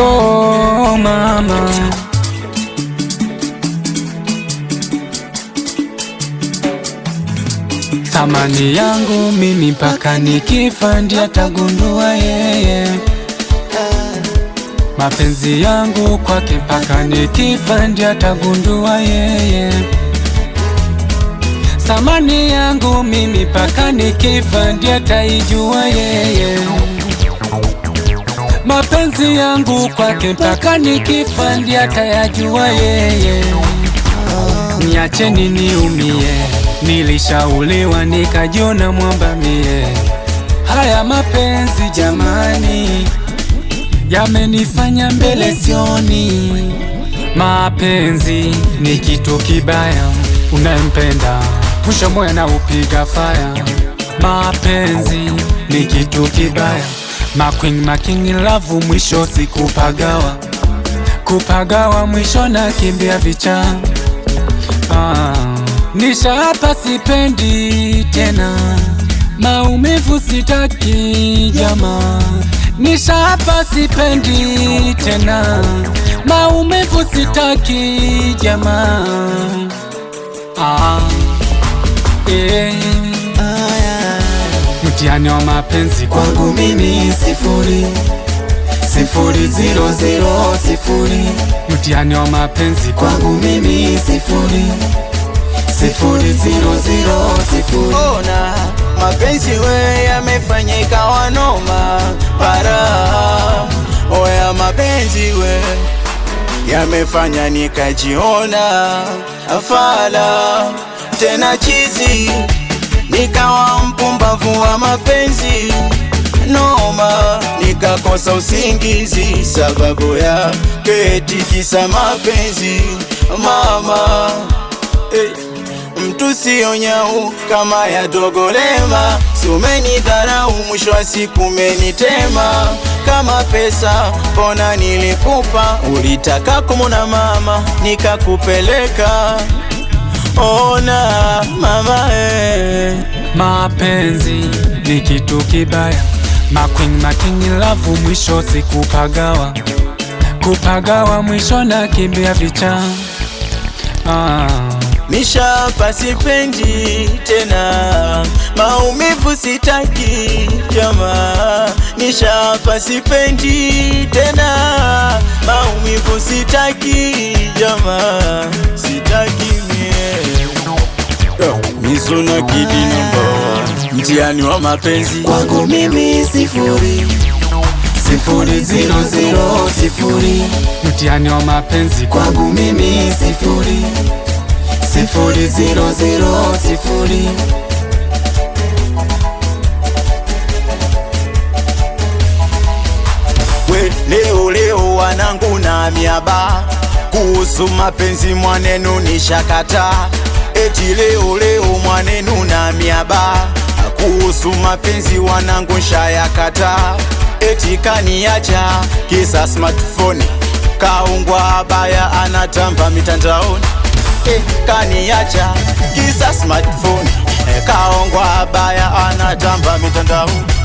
oh mama. Thamani yangu mimi mpaka nikifa ndi atagundua yeye, mapenzi yangu kwake mpaka nikifa ndi atagundua yeye thamani yangu mimi mpaka nikifa ndi ataijua yeye mapenzi yangu kwake mpaka nikifa ndiye atayajua yeye. Niacheni niumie, nilishauliwa nikajiona mwamba mie. Haya mapenzi jamani, yamenifanya mbele sioni. Mapenzi ni kitu kibaya, unayempenda pusha moyo na upiga faya. Mapenzi ni kitu kibaya Makwing making in love, mwisho si kupagawa, kupagawa mwisho na kimbia vicha. Ah, nisha hapa sipendi tena, maumivu sitaki jama Nisha hapa sipendi tena, maumivu sitaki jama Ah, eh mtihani wa mapenzi kwangu mimi sifuri sifuri zero zero sifuri, mtihani wa mapenzi kwangu mimi sifuri sifuri zero zero sifuri. Ona mapenzi we yamefanyika wanoma para, oya mapenzi we yamefanya nikajiona afala tena chizi nikawa mpu uchovu wa mapenzi noma, nikakosa usingizi sababu ya ketikisa mapenzi mama hey. Eh, mtu sionyau kama yadogolema, si umenidharau, mwisho wa siku menitema Kama pesa pona nilikupa, ulitaka kumona mama, nikakupeleka. Ona mama eh. Mapenzi ni kitu kibaya, makwing making lavu, mwisho sikupagawa, kupagawa mwisho na kimbia vicha. Ah, nishapa sipendi tena, maumivu sitaki jamaa, nishapa sipendi tena, maumivu sitaki jamaa, sitaki mie yeah. kidi namba mtihani wa mapenzi kwangu mimi sifuri sifuri zero zero sifuri mtihani wa mapenzi kwangu mimi sifuri sifuri zero zero sifuri we leo leo wanangu na miaba kuhusu mapenzi mwanenu nishakata eti leo leo mwanenu na miaba kuhusu mapenzi wanangu nshayakata, eti kaniacha kisa smartphone, kaungwa abaya anatamba mitandaoni. Eh, kaniacha kisa smartphone, eh, kaungwa abaya anatamba mitandaoni.